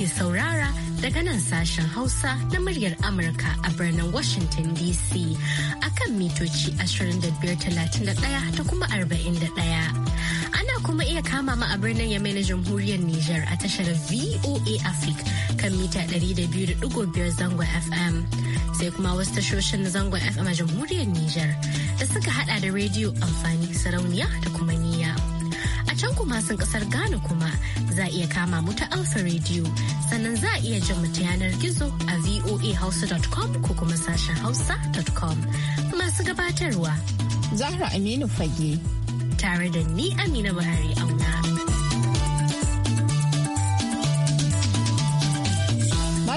ke saurara daga nan sashen Hausa na muryar Amurka a birnin Washington DC a kan mitoci 2531 da kuma 41. Ana kuma iya kama ma a birnin Yamai na Jamhuriyar Nijar a tashar VOA Africa kan mita 200.5 zangon FM. Sai kuma wasu tashoshin zango zangon FM a Jamhuriyar Nijar da suka hada da rediyo amfani sarauniya da kuma niyya. A can kuma sun kasar Ghana kuma za iya kama mu ta Alpha Radio sannan za iya jin mu ta yanar gizo a voahausa.com ko kuma sashen hausa.com. Masu gabatarwa. Zahra Aminu Fage. Tare da ni Amina Buhari Auna.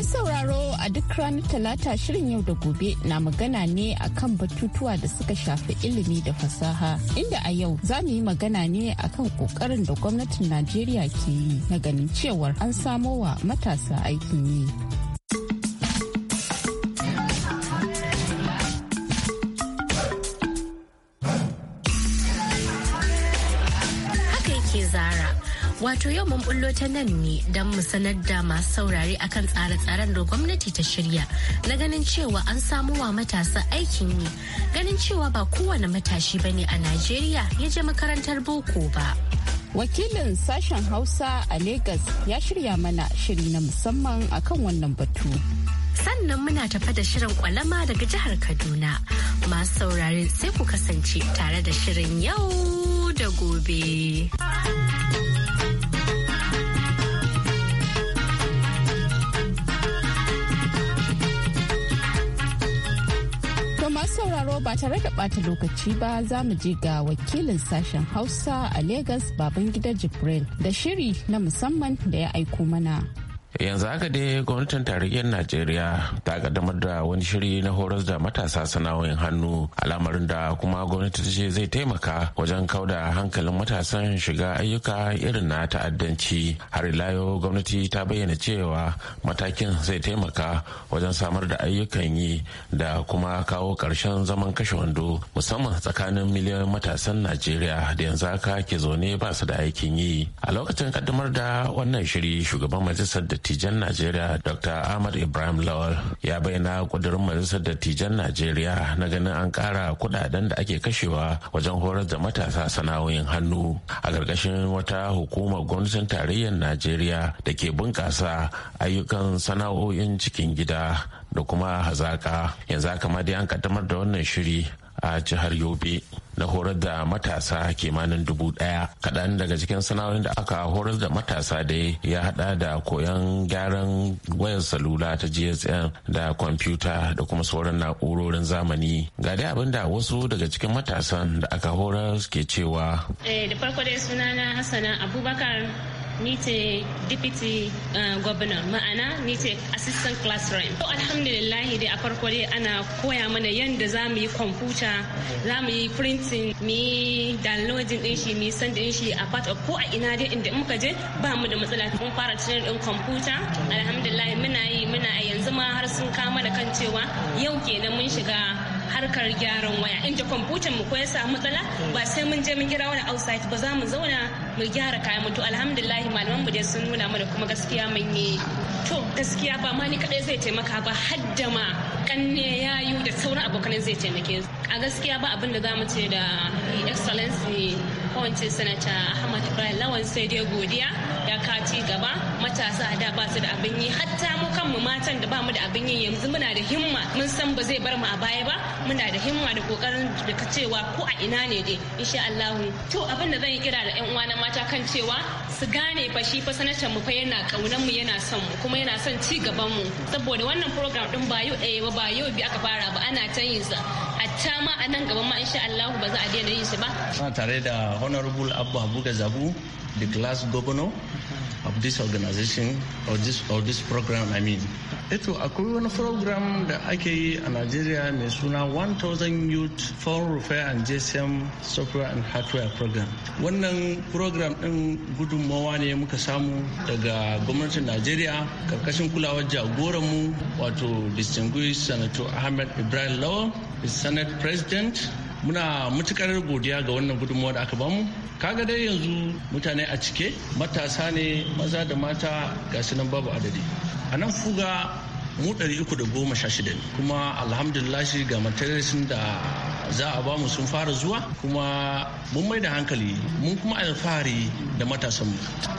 sauraro a duk ranar talata shirin yau da gobe na magana ne akan batutuwa da suka shafi ilimi da fasaha inda a yau za mu yi magana ne akan kokarin da gwamnatin Najeriya ke yi na ganin cewar an samo wa matasa aikin yi. Wato yau mun bullo ta nan ne don mu sanar da masu saurare akan tsare-tsaren da gwamnati ta shirya na ganin cewa an samu wa matasa aikin yi ganin cewa ba kowane matashi ba ne a Najeriya ya je makarantar boko ba. Wakilin sashen Hausa a Legas ya shirya mana shiri na musamman akan wannan batu. sannan muna tafa da shirin kwalama daga jihar Kaduna. Masu saurare sai ku kasance tare da shirin yau da gobe. sauraro ba tare da ɓata lokaci ba za mu je ga wakilin sashen Hausa a Legas Babangida jibril da shiri na musamman da ya aiko mana. yanzu haka dai gwamnatin tarayyar najeriya ta kaddamar da wani shiri na horas da matasa sana'o'in hannu al'amarin da kuma gwamnati ta ce zai taimaka wajen kau da hankalin matasan shiga ayyuka irin na ta'addanci har ila yau gwamnati ta bayyana cewa matakin zai taimaka wajen samar da ayyukan yi da kuma kawo ƙarshen zaman kashe wando musamman tsakanin miliyoyin matasan najeriya da yanzu haka ke zaune ba su da aikin yi a lokacin kaddamar da wannan shiri shugaban majalisar da dattijan najeriya dr ahmad ibrahim lawal ya bayyana kudurin majalisar dattijan najeriya na ganin an kara kudaden da ake kashewa wajen horar da matasa sana'o'in hannu a ƙarƙashin wata hukumar gwamnatin tarayyar najeriya da ke bunƙasa ayyukan sana'o'in cikin gida da kuma hazaƙa yanzu haka ma dai an kaddamar da wannan shiri a jihar yobe na horar da matasa kimanin dubu daya kaɗan daga cikin sana'o'in da aka horar da matasa dai ya hada da koyon gyaran wayar salula ta gsm da kwamfuta da kuma sauran na'urorin zamani ga dai abin da wasu daga cikin matasan da aka horar ke cewa eh, da farko dai sunana hassana abubakar ni ce deputy uh, governor ma'ana ni ce assistant classroom to alhamdulillahi dai a farko dai ana koya mana yadda za mu yi kwamfuta za mu yi printing mu yi downloading din shi mu yi din shi a part of ko a ina dai inda muka je ba mu da matsala mun fara tunanin din kwamfuta alhamdulillahi muna yi muna a yanzu ma har sun kama da kan cewa yau kenan mun shiga harkar gyaran waya inda kwamfutan mu ko ya samu matsala ba sai mun je mun kira wani outside ba za mu zauna mu gyara kayan mutu alhamdu malaman mu dai sun nuna mana kuma gaskiya mun yi to gaskiya ba ma ni kadai zai taimaka ba hadda ma kanne yayu da sauran abokan zai taimake a gaskiya ba abin da za mu ce da excellency ne wance sanata ahmad ibrahim lawan sai dai godiya ya ci gaba matasa da ba su da abin yi hatta mu kanmu matan da ba mu da abin yi yanzu muna da himma mun san ba zai bar mu a baya ba muna da himma da kokarin da ka cewa ko a ina ne dai insha Allah to abin da zan yi kira da yan uwa na mata kan cewa su gane fa shi fa sanatar mu fa yana kaunan mu yana son mu kuma yana son ci gaban mu saboda wannan program din ba yau ɗaya ba ba yau bi aka fara ba ana ta yin sa hatta ma a nan gaban ma insha Allah ba za a daina yin shi ba. Tare da Honorable Abba Buga Zabu the glass governor of this organization or this or this program I mean. Eto akwai wani program da ake yi a Najeriya mai suna 1000 youth for repair and GSM software and hardware program. Wannan program din gudunmawa ne muka samu daga gwamnatin Najeriya karkashin kulawar jagoranmu wato distinguished senator Ahmed Ibrahim Lawal, the Senate President muna matukar godiya ga wannan gudunmawa da aka bamu kaga dai yanzu mutane a cike matasa ne maza da mata ga nan babu adadi a nan fuga mu 316 ne kuma alhamdulillah ga sun da za a ba mu sun fara zuwa kuma mun mai da hankali mun kuma alfahari da matasan mu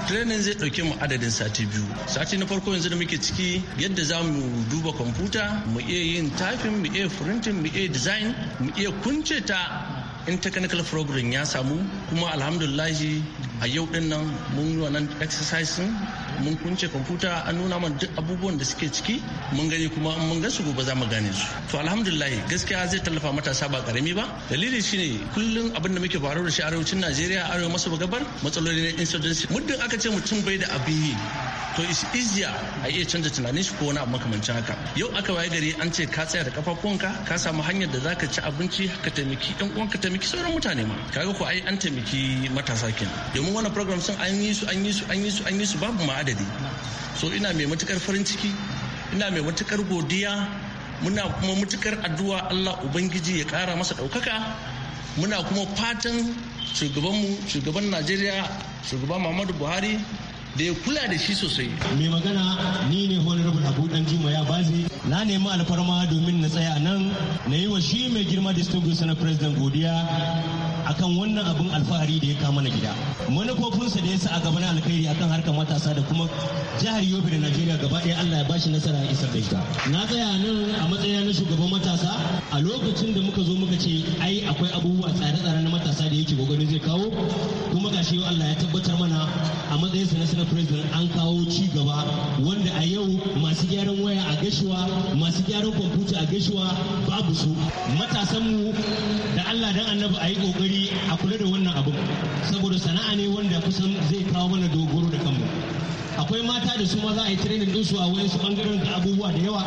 training zai dauke mu adadin sati biyu sati na farko yanzu da muke ciki yadda za mu duba kwamfuta mu iya yin typing mu iya printing mu iya design mu iya kunce ta in technical program ya samu kuma alhamdulahi a yau din nan mun yi wannan exercise mun kunce kwamfuta an nuna mana duk abubuwan da suke ciki mun gani kuma mun gasu gobe za mu gane su to alhamdulillah gaskiya zai tallafa matasa ba karami ba dalili shine kullum abin da muke faruwa da shi arewacin Najeriya arewa maso gabar matsaloli na insurgency muddin aka ce mutum bai da abin yi to easier a iya canza tunanin shi ko wani abu makamancin haka yau aka waye gari an ce ka tsaya da kafafunka ka samu hanyar da zaka ci abinci ka taimaki yan ka taimaki sauran mutane ma kaga ko ai an taimaki matasa kenan domin wannan program sun an yi su an yi su an yi su an yi su babu ma adadi so ina mai matukar farin ciki ina mai matukar godiya muna kuma matukar addu'a Allah ubangiji ya kara masa daukaka muna kuma fatan shugabanmu shugaban Najeriya shugaban Muhammadu Buhari da ya kula da shi sosai. Mai magana ni ne Honorable Abu Dan Juma ya bazi na nemi alfarma domin na tsaya nan na yi wa shi mai girma distinguished na president godiya akan wannan abin alfahari da ya kama na gida. Manufofinsa da ya sa a gaba na alkhairi akan harkar matasa da kuma jihar Yobe da Najeriya gaba ɗaya Allah ya bashi nasara a isar da ita. Na tsaya nan a matsayin na shugaban matasa a lokacin da muka zo muka ce ai akwai abubuwa tsare-tsare na matasa da yake kokarin zai kawo kuma gashi yau Allah ya tabbatar mana a matsayin sa na sanar president an kawo ci gaba wanda a yau masu gyaran waya a gashiwa masu gyaran kwamfuta a gashiwa babu su matasanmu da Allah dan annabi a yi kokari a kula da wannan abu saboda sana'a ne wanda kusan zai kawo mana dogoro da kanmu akwai mata da su ma za a yi training din su a wayansu bangaren da abubuwa da yawa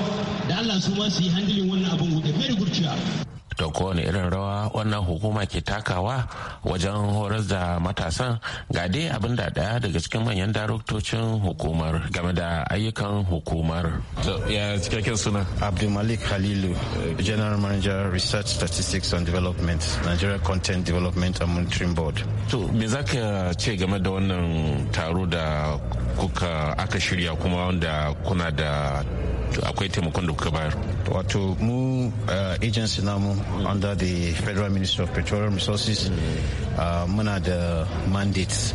da Allah su ma su yi handling wannan abun da very good da kowane irin rawa wannan hukuma ke takawa wajen horar da matasan ga dai abin da daya daga cikin manyan daraktocin hukumar game da ayyukan hukumar ya cikakken suna abdulmalik halilu eh. general manager research statistics and development nigeria content development and monitoring board to me za ka ce game da wannan taro da kuka aka shirya kuma wanda kuna da akwai taimakon da kuka bayar wato mu eh, agency namu Mm. under the Federal Ministry of Petroleum Resources. of mm. uh, the mandates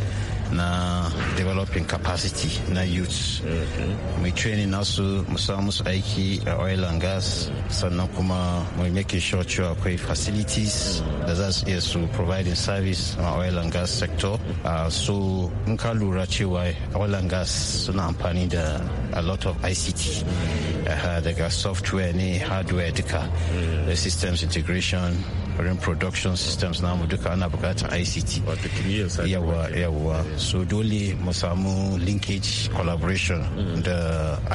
na developing capacity na youth mhm. mai training nasu mu samu musu aiki a oil and gas sannan kuma mai making sure cewa akwai facilities da za su iya su providing service a oil and gas sector mhm. ah, so in ka lura cewa oil and gas suna amfani da a lot of ict mhm. daga software ne hardware duka systems integration wurin production systems namu duka ana bukatar ict yawa yawa so dole mu samu linkage collaboration mm. da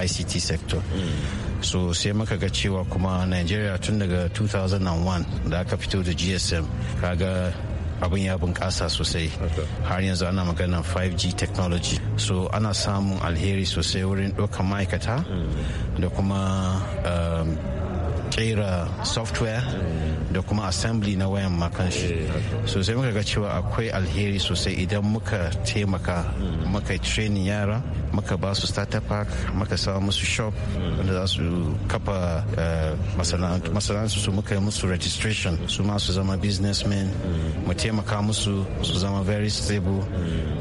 ict sector mm. so sai muka ga cewa kuma nigeria tun daga 2001 da aka fito da gsm kaga abin ya bunƙasa sosai har yanzu ana magana 5g technology so ana samun alheri sosai wurin ɗaukar ma'aikata mm. da kuma kera um, software da kuma assembly na wayan makan shi eh, sosai muka ga cewa akwai alheri sosai idan muka taimaka muka training yara muka ba su startup park muka samu musu shop wanda za su kafa eh, masana'antu su muka yi musu registration su ma su zama businessmen mu taimaka musu su zama very stable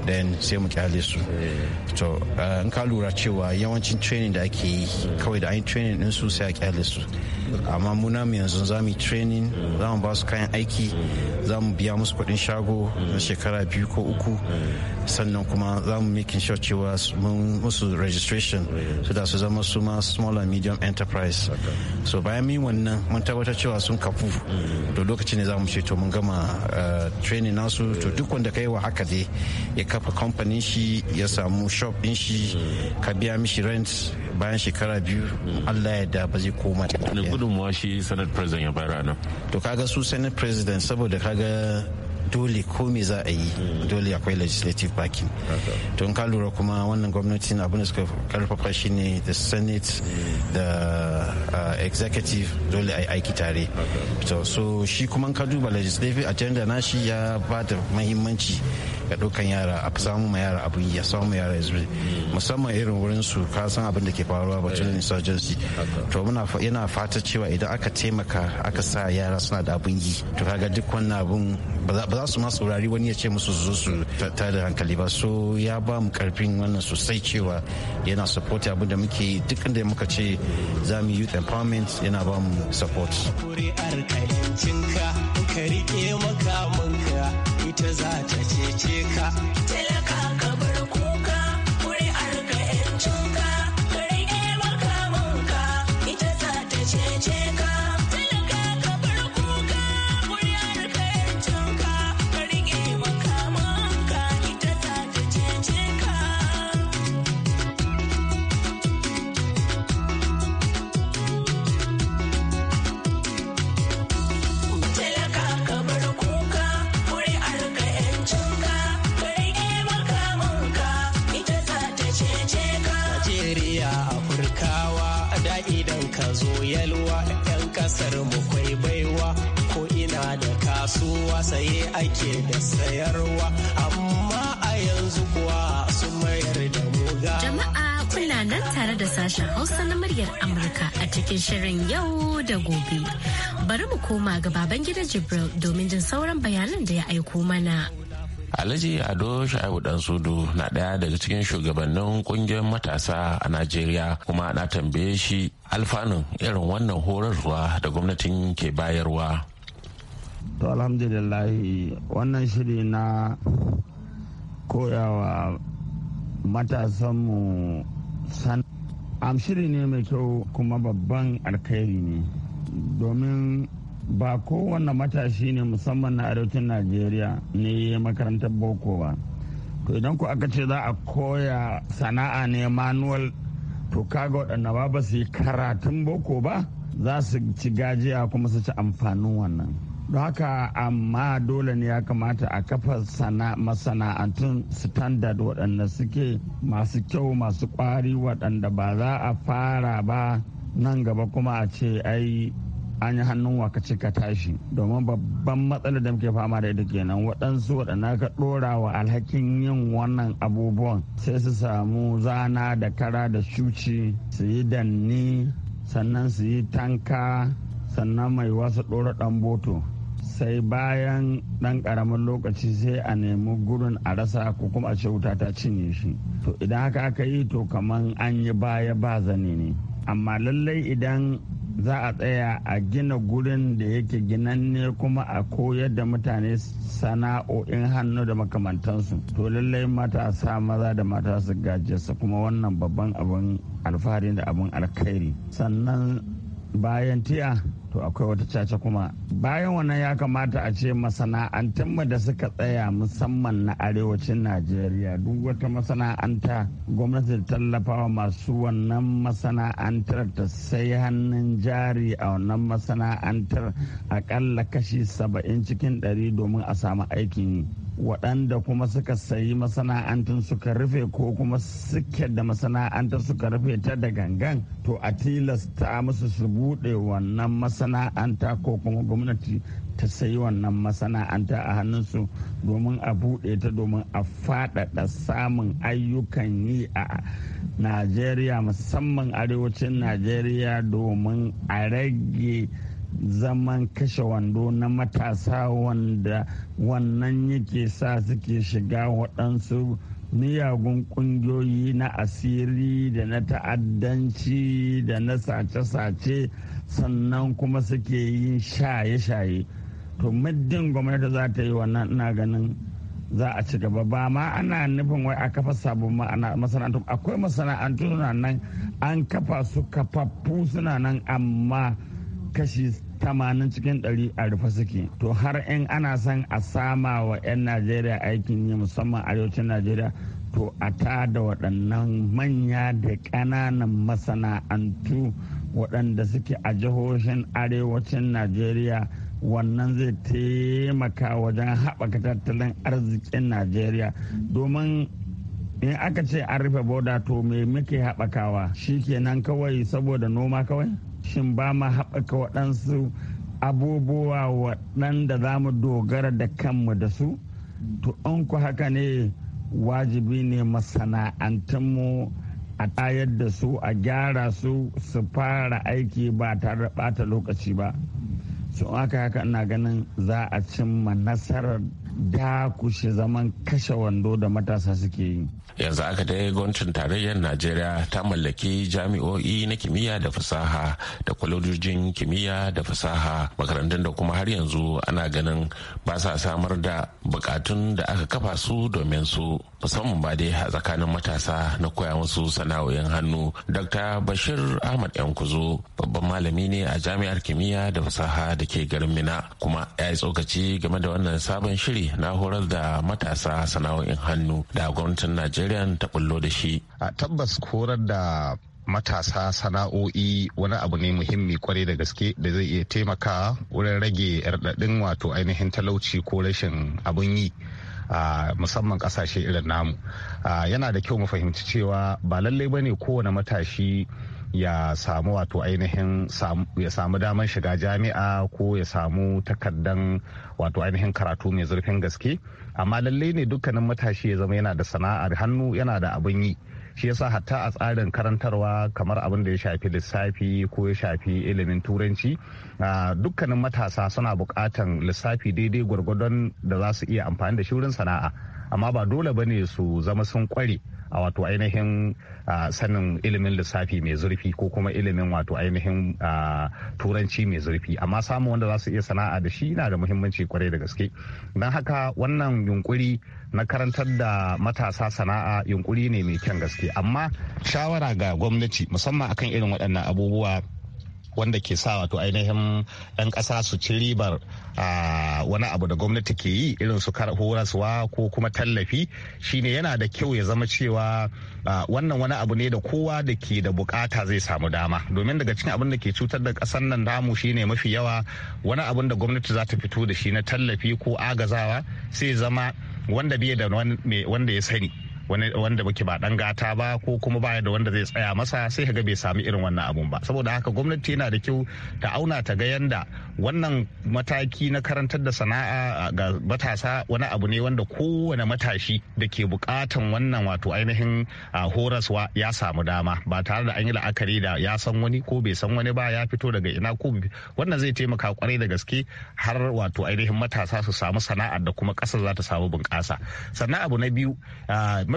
then sai mu kyale su eh. to in ka lura cewa yawancin training da ake yi kawai da an training din su sai a kyale su amma muna mu yanzu za mu training za mu ba su kayan aiki za mu biya musu kuɗin shago na shekara biyu ko uku sannan kuma za mu making sure cewa mun musu registration su da su zama su ma small and medium enterprise so bayan min wannan mun tabbatar cewa sun kafu to lokaci ne za mu ce to mun gama eh, training nasu to duk wanda ka yi wa haka dai ya kafa kamfanin shi ya samu shop din shi ka biya mishi rent bayan shekara biyu allah ya da ba zai koma da gudunmuwa shi president ya bayar to kaga su senate president saboda kaga dole ko me za a yi dole akwai legislative backing to in ka lura kuma wannan gwamnatin abin da suka karfafa shi ne the senate da uh, executive dole a yi aiki tare so shi kuma ka duba legislative agenda na shi ya ba da mahimmanci ga dukkan yara a samu ma yara abin ya samu yara ya zube musamman irin wurin su ka san abin da ke faruwa ba tunanin eh. insurgency to muna yana fata cewa idan aka taimaka aka sa yara suna da abin yi to kaga duk wannan abun ba za su ma saurari wani ya ce musu su zo su ta da hankali ba so ya ba mu karfin wannan sosai cewa yana support abin da muke duk da muka ce za mu youth empowerment yana ba mu support. ita za ta cece ka. Talaka cikin shirin yau da gobe. Bari mu koma ga baban gida Jibril domin jin sauran bayanan da ya aiko mana. Alhaji Ado Sha'ibu Dan Sudu na ɗaya daga cikin shugabannin kungiyar matasa a Najeriya kuma na tambaye shi alfanun irin wannan horarwa da gwamnatin ke bayarwa. To alhamdulillah wannan shiri na koyawa matasanmu san amshiri ne mai kyau kuma babban alkhairi ne domin ba kowane matashi ne musamman na arewacin najeriya ne ya makarantar boko ba to idan ku aka ce za a koya sana'a ne manual to kaga waɗanda ba ba su yi karatun boko ba za su ci gajiya kuma su ci amfanin wannan don haka amma dole ne ya kamata a kafa masana'antun standard waɗanda suke masu kyau masu ƙwari waɗanda ba za a fara ba nan gaba kuma a ce ai an yi hannun wakaci ka tashi domin babban matsalar da muke fama da ita kenan waɗansu waɗanda ka ɗora wa alhakin yin wannan abubuwan sai su samu zana da kara da shuci su yi danni sannan su yi tanka sannan mai wasu ɗora ɗan boto sai bayan ɗan karamin lokaci sai a nemi gurin a rasa ko kuma a ce wuta ta cinye shi to idan haka aka yi to kaman an yi baya ba zane ne amma lallai idan za a tsaya a gina gurin da yake ginanne kuma a koyar da mutane sana'o'in hannu da makamantansu to lallai matasa maza da mata su gajiyarsa kuma wannan babban abin alfahari da abin alkhairi sannan bayan tiya to akwai wata caca kuma bayan wannan ya kamata a ce mu da suka tsaya musamman na arewacin najeriya duk wata masana'anta gwamnati ta tallafawa masu wannan masana'antar ta sai hannun jari a wannan masana'antar akalla kashi saba'in cikin ɗari domin a samu aikin yi waɗanda kuma suka sayi masana'antar suka rufe ko kuma suke da masana'antar suka rufe ta da gangan to a tilasta musu su buɗe wannan masana'anta ko kuma gwamnati ta sayi wannan masana'anta a hannunsu domin a buɗe ta domin a faɗaɗa samun ayyukan yi a najeriya musamman arewacin najeriya domin a rage zaman kashe wando na matasa wanda wannan yake sa suke shiga waɗansu miyagun ƙungiyoyi na asiri da na ta'addanci da na sace-sace sannan kuma suke yin shaye-shaye to muddin gwamnati za ta yi wannan ina ganin za a ci gaba ba ma ana nufin wai a kafa sabon masana'antu akwai masana'antu suna nan an kafa su kafaffu suna nan amma kashi tamanin cikin ɗari a rufe suke to har in ana son a sama wa 'yan najeriya aikin yi musamman arewacin najeriya to a ta da waɗannan manya da ƙananan masana'antu waɗanda suke a jihohin arewacin najeriya wannan zai taimaka wajen haɓaka tattalin arzikin najeriya domin in aka ce an rufe boda to me muke haɓakawa shi kenan kawai saboda noma kawai shin ba mu haɓaka waɗansu abubuwa waɗanda za mu dogara da kanmu da su to an ku haka ne wajibi ne masana'antunmu a tayar da su a gyara su su fara aiki ba tare da ɓata lokaci ba su haka haka ina ganin za a cimma nasarar da kushe zaman kashe wando da matasa suke yi. Yanzu aka dai gwamnatin tarayyar Najeriya ta mallaki jami'o'i na kimiyya da fasaha da kwalojin kimiyya da fasaha makarantun da kuma har yanzu ana ganin ba sa samar da bukatun da aka kafa su domin su. musamman ba dai a tsakanin matasa na koya musu sana'o'in hannu dr bashir ahmad yankuzo babban malami ne a jami'ar kimiyya da fasaha da ke garin mina kuma ya yi tsokaci game da wannan sabon shiri na horar da matasa sana'o'in hannu da gwamnatin najeriya ta bullo da shi a tabbas horar da matasa sana'o'i wani abu ne muhimmi kwarai da gaske da zai iya taimaka wurin rage raɗaɗin wato ainihin talauci ko rashin abun yi musamman kasashe irin namu yana da kyau mu fahimci cewa ba lallai bane kowane matashi ya samu wato ainihin ya samu damar shiga jami'a ko ya samu takardan wato ainihin karatu mai zurfin gaske amma lallai ne dukkanin matashi ya zama yana da sana'ar hannu yana da abin yi shi yasa hatta a tsarin karantarwa kamar abin da ya shafi lissafi ko ya shafi ilimin turanci dukkanin matasa suna bukatan lissafi daidai gwargwadon da za su iya amfani da shi wurin sana'a amma ba dole ba ne su zama sun kware a wato ainihin sanin ilimin lissafi mai zurfi ko kuma ilimin wato ainihin turanci mai zurfi amma samun wanda za su iya sana'a da shi na da muhimmanci kwarai da gaske don haka wannan yunkuri na karantar da matasa sana'a yunkuri ne mai kyan gaske amma shawara ga gwamnati musamman akan irin waɗannan abubuwa wanda ke sa wato ainihin 'yan ƙasa su ci ribar wani abu da gwamnati ke yi irin su horaswa ko kuma tallafi shine yana da kyau ya zama cewa wannan wani abu ne da kowa da ke da bukata zai samu dama domin daga cikin abin da ke cutar da ƙasar nan damu shine mafi yawa wani abin da gwamnati za ta fito da shi na tallafi ko agazawa sai zama wanda bai da wanda ya sani wanda baki ba dan gata ba ko kuma baya da wanda zai tsaya masa sai kaga bai sami irin wannan abun ba saboda haka gwamnati yana da kyau ta auna ta ga yanda wannan mataki na karantar da sana'a ga matasa wani abu ne wanda kowane matashi da ke bukatan wannan wato ainihin horaswa ya samu dama ba tare da an yi la'akari da ya san wani ko bai san wani ba ya fito daga ina ko wannan zai taimaka kwarai da gaske har wato ainihin matasa su samu sana'ar da kuma ƙasa za ta samu bunƙasa sannan abu na biyu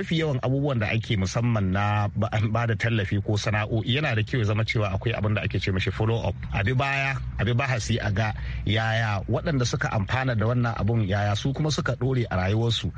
mafi yawan abubuwan da ake musamman na ba da tallafi ko sana'o'i yana da kyau zama cewa akwai abin da ake ce mashi follow up abi baya abi bahasi a ga yaya waɗanda suka amfana da wannan abun yaya su kuma suka ɗore a rayuwarsu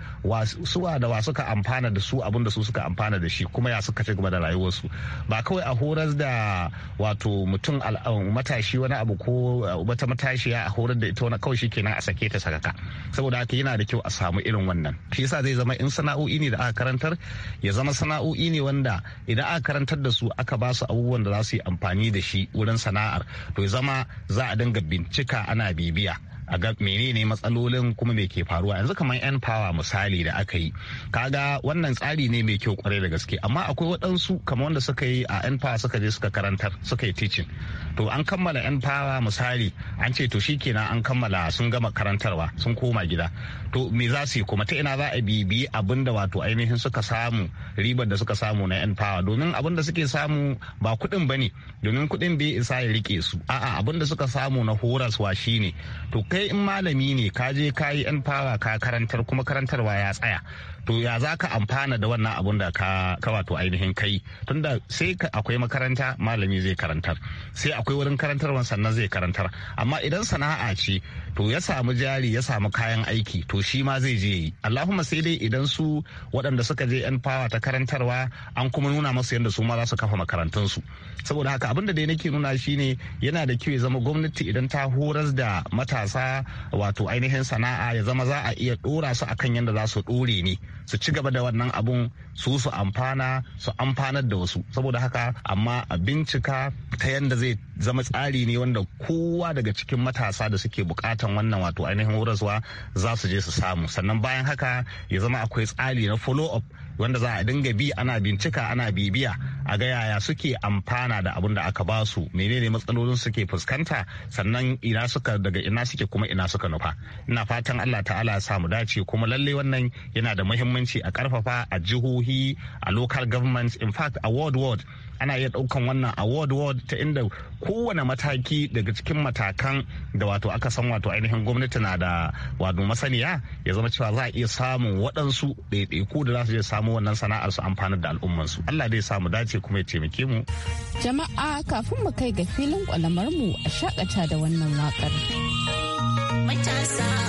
suwa da wa suka amfana da su abin da su suka amfana da shi kuma ya suka ci gaba da rayuwarsu ba kawai a horar da wato mutum um, matashi wani abu ko uh, wata matashiya a horar da ita wani kawai shi kenan a sake ta sakaka saboda haka yana da kyau a samu irin wannan shi yasa zai zama in sana'o'i ne da aka karantar ya zama sana'o'i ne wanda idan aka karantar da su aka ba su abubuwan da za su yi amfani da shi wurin sana'ar to ya zama za a dinga bincika ana bibiya a ga menene matsalolin kuma me ke faruwa yanzu kamar yan power misali da aka yi kaga wannan tsari ne mai kyau kwarai da gaske amma akwai waɗansu kamar wanda suka yi a yan power suka je suka karantar suka yi teaching to an kammala yan power misali an ce to shikenan an kammala sun gama karantarwa sun koma gida to me za su yi kuma ta ina za a bibiyi abin da wato ainihin suka samu ribar da suka samu na yan power domin abin da suke samu ba kuɗin ba ne domin kuɗin bai isa ya rike su a'a abinda suka samu na horaswa shine to kai sai in malami ne ka je kayi yi yan fara ka karantar kuma karantarwa ya tsaya to ya za ka amfana da wannan abun da ka wato ainihin kai tunda sai akwai makaranta malami zai karantar sai akwai wurin karantar sannan zai karantar amma idan sana'a ce to ya samu jari ya samu kayan aiki to shi ma zai je yi allahumma sai dai idan su waɗanda suka je yan fawa ta karantarwa an kuma nuna masu yadda su ma za su kafa makarantunsu saboda haka abin da dai nake nuna shine yana da kyau ya zama gwamnati idan ta horas da matasa wato ainihin sana'a ya zama za a iya ɗora su akan yadda za su ɗore ne su ci gaba da wannan abun su su amfana su amfanar da wasu saboda haka amma a bincika ta yadda zai zama tsari ne wanda kowa daga cikin matasa da suke bukatan wannan wato ainihin horaswa za su je su samu sannan bayan haka ya zama akwai tsari na follow up wanda za a dinga bi ana bincika ana bibiya a ga yaya suke amfana da abin da aka ba su menene matsalolin suke fuskanta sannan ina suka daga ina suke kuma ina suka nufa ina fatan Allah ta'ala ya mu dace kuma lalle wannan yana da muhimmanci a karfafa a jihohi a local governments in fact a world world ana iya daukan wannan award world ta inda kowane mataki daga cikin matakan da wato aka san wato ainihin gwamnati na da wato masaniya ya zama cewa za a iya samun waɗansu ɗaiɗaiku da za su je samu samu wannan sana'ar su amfanar da al'ummansu Allah dai samu dace kuma ya taimake mu jama'a kafin mu kai ga filin kwalamar mu a shakata da wannan wakar matasa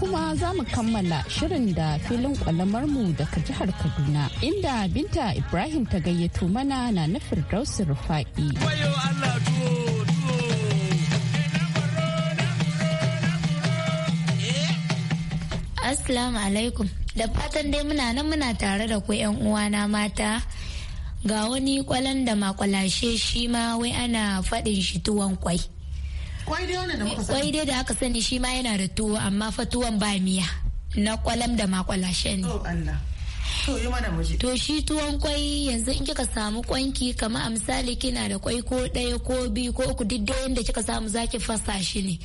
kuma za mu kammala shirin da filin mu daga jihar Kaduna inda Binta Ibrahim ta gayyato mana na nufin rausin Rufa'i. Assalamu alaikum da fatan dai muna nan muna tare da ku uwana mata ga wani kwalan da makwalashe shi ma wai ana faɗin shi tuwon kwai. Kwai dai da aka sani shi ma yana da tuwo amma fatuwan ba miya. Na kwalam da makwalashe ne. Oh, to shi tuwon kwai yanzu in kika samu kwanki kama a misali kina da kwai ko ɗaya ko biyu ko uku duk da kika samu zaki fasa shi ne.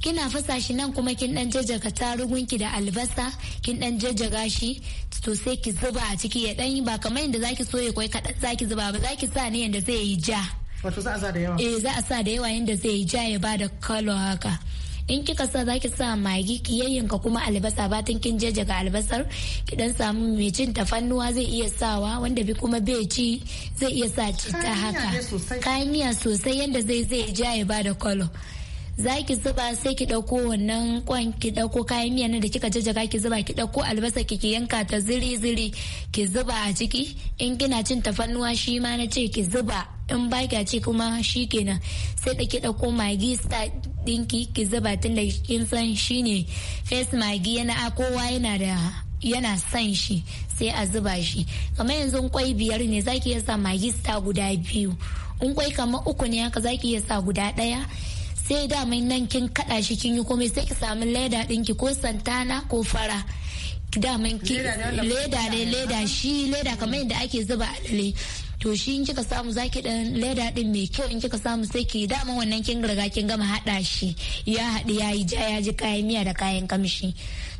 Kina fasa shi nan kuma kin dan jajjaga tarugunki da albasa kin dan jajjaga shi to sai ki zuba a ciki ya dan ba kamar yadda zaki soya kwai kaɗan zaki zuba ba zaki sa ne yadda zai yi ja. wato za a sa da yawa eh za a sa da yawa yanda zai ja ya bada kalo haka in kika sa za ki sa magi ki yayyanka kuma albasa batun kin jajjaga albasar ki dan samu mai cin tafannuwa zai iya sawa wanda bi kuma bai ci zai iya sa citta haka kayan miya sosai yadda zai zai ja ya bada kalo za ki zuba sai ki ɗauko wannan kwan ki ɗauko kayan miya da kika jajjaga ki zuba ki ɗauko albasa ki ki yanka ta ziri ziri ki zuba a ciki in kina cin tafannuwa shi ma na ce ki zuba in ba ki ci kuma shi kenan sai da ki ɗauko magi sa ɗinki ki zuba tun da kin san shine face magi yana kowa yana da yana son shi sai a zuba shi kamar yanzu kwai biyar ne zaki iya sa magi guda biyu in kwai kamar uku ne haka zaki iya sa guda ɗaya sai damin nan kin kada shi kin yi komai sai ki samu leda ki ko santana ko fara leda ne leda shi leda kamar yadda ake zuba alale to shi in kika samu zaki dan leda din mai kyau in kika samu sai ki dama wannan kin riga kin gama hada shi ya haɗu ya yi ja ya ji kayan miya da kayan kamshi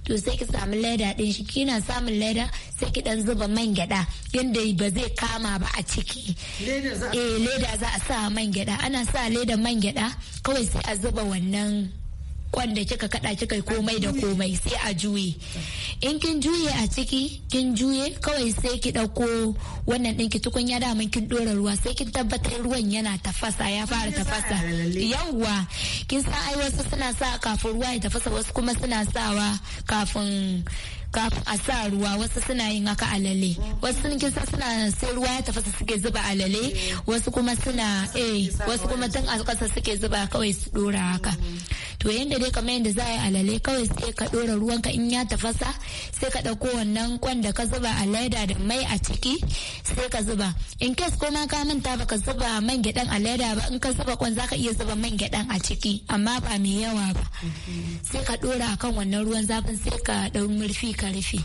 to sai ki samu leda din shi kina samun leda sai ki dan zuba man gyada yanda ba zai kama ba a ciki eh leda za a sa man gyada ana sa leda man gyada kawai sai a zuba wannan kwan da kika kada kika komai da komai sai a juye in kin juye a ciki kin juye kawai sai ki dauko wannan din ki tukunya da mun kin dora ruwa sai kin tabbatar ruwan yana tafasa ya fara tafasa yawwa kin sa ai wasu suna sa kafin ruwa ya tafasa wasu kuma suna sawa kafin kafin a sa ruwa wasu suna yin haka alale wasu sun kisa suna sai ruwa ya tafasa suke zuba alale wasu kuma suna eh wasu kuma tun a kasa suke zuba kawai su dora haka to yanda dai kamar yanda za a yi alale kawai sai ka ɗora ruwanka in ya tafasa sai ka ɗauko wannan kwan da ka zuba a leda da mai a ciki sai ka zuba in kes ko ma ka manta baka zuba man gyaɗan a leda ba in ka zuba kwan zaka iya zuba man gyaɗan a ciki amma ba mai yawa ba sai ka ɗora akan wannan ruwan zafin sai ka ɗau murfi ka rufe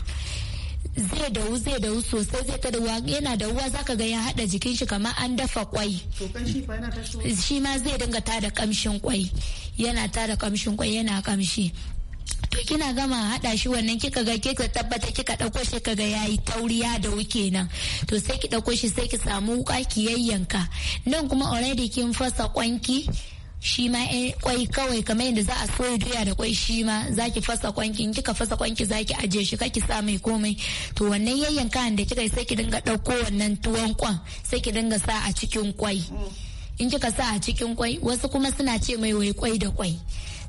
zai wu zai wu sosai zai ta dawa yana dawuwa zaka ga ya hada jikin shi kamar an dafa kwai shi ma zai dinga ta da kamshin kwai yana ta da kamshin kwai yana kamshi to kina gama hada shi wannan kika ga kika tabbata kika dauko shi kaga yayi tauriya da wuke nan to sai ki dauko shi sai ki samu wuka ki yayyanka nan kuma already kin fasa kwanki shi ma eh, kwai kawai kamar yadda za a soya doya da kwai shi ma zaki fasa kwanki in kika fasa kwanki zaki aje shi kaki sa mai komai to wannan yayyankan da kika sai ki dinga ɗauko wannan tuwon kwan sai ki dinga sa a cikin kwai in kika sa a cikin kwai wasu kuma suna ce mai wai kwai da kwai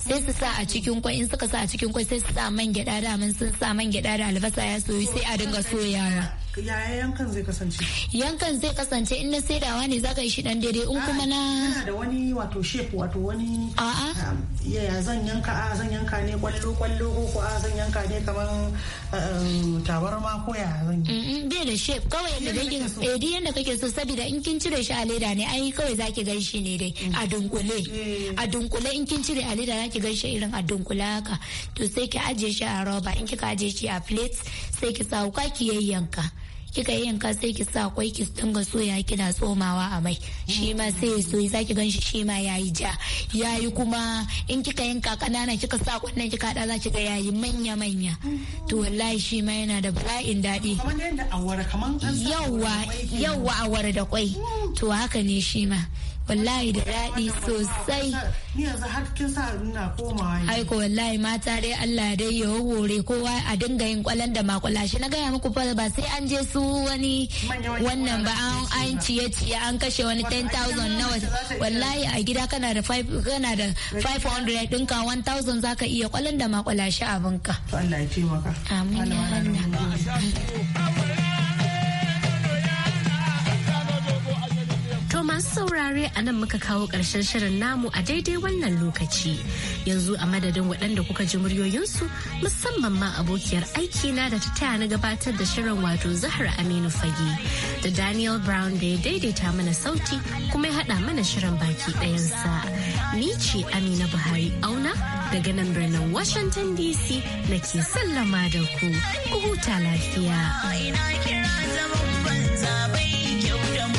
sai su sa a cikin kwai in suka sa a cikin kwai sai su sa man gyada da mun sun sa man gyada da albasa ya soyu sai a dinga soyawa yaya yankan zai kasance yankan zai kasance in na saidawa ne zaka yi shi dan daidai in kuma ah, na da wani wato shape wato wani a'a yaya ah, zan yanka a ah, zan yanka ne kwallo kwallo ko ko a zan yanka ne kaman um, tabarma ko ya zan yi bai da shape kawai yadda kake so eh yadda kake so saboda in kin cire shi a leda ne ai kawai zaki gan shi ne dai a mm. dunkule eh. a dunkule in kin cire a leda zaki gan shi irin a dunkule haka to sai ki ajiye shi a roba in kika ajiye shi a plate sai ki sa wuka ki yayyanka kika yi yanka sai ki sa kwai ki dinga soya kina tsomawa a mai shi ma sai ya soyi zaki ganshi shi ma yayi ja yayi kuma in kika yanka kanana kika sa wannan kika da zaki ga yayi manya manya to wallahi shi ma yana da bala'in daɗi yawwa yawwa awara da kwai to haka ne shi ma wallahi da daɗi sosai ni yanzu har kin sa ina komawa ai ko wallahi mata dai Allah dai ya hore kowa a dinga yin kwalan da makwalashi na gaya muku fa ba sai an je su wani wannan ba an an ciye ciye an kashe wani 10000 na wallahi a gida kana da 5 kana da 500 dinka 1000 zaka iya kwalan da makwalashi abinka to Allah ya taimaka amin ya Allah saurare a nan muka kawo ƙarshen shirin namu a daidai wannan lokaci. Yanzu a madadin waɗanda kuka ji muryoyinsu musamman ma abokiyar aikina da ta taya na gabatar da shirin wato Zahra Aminu Fage da Daniel Brown da ya daidaita mana sauti kuma ya haɗa mana shirin baki ɗayansa. Ni ce Amina Buhari auna daga nan birnin Washington DC na ke sallama da ku. Ku huta lafiya. kyau da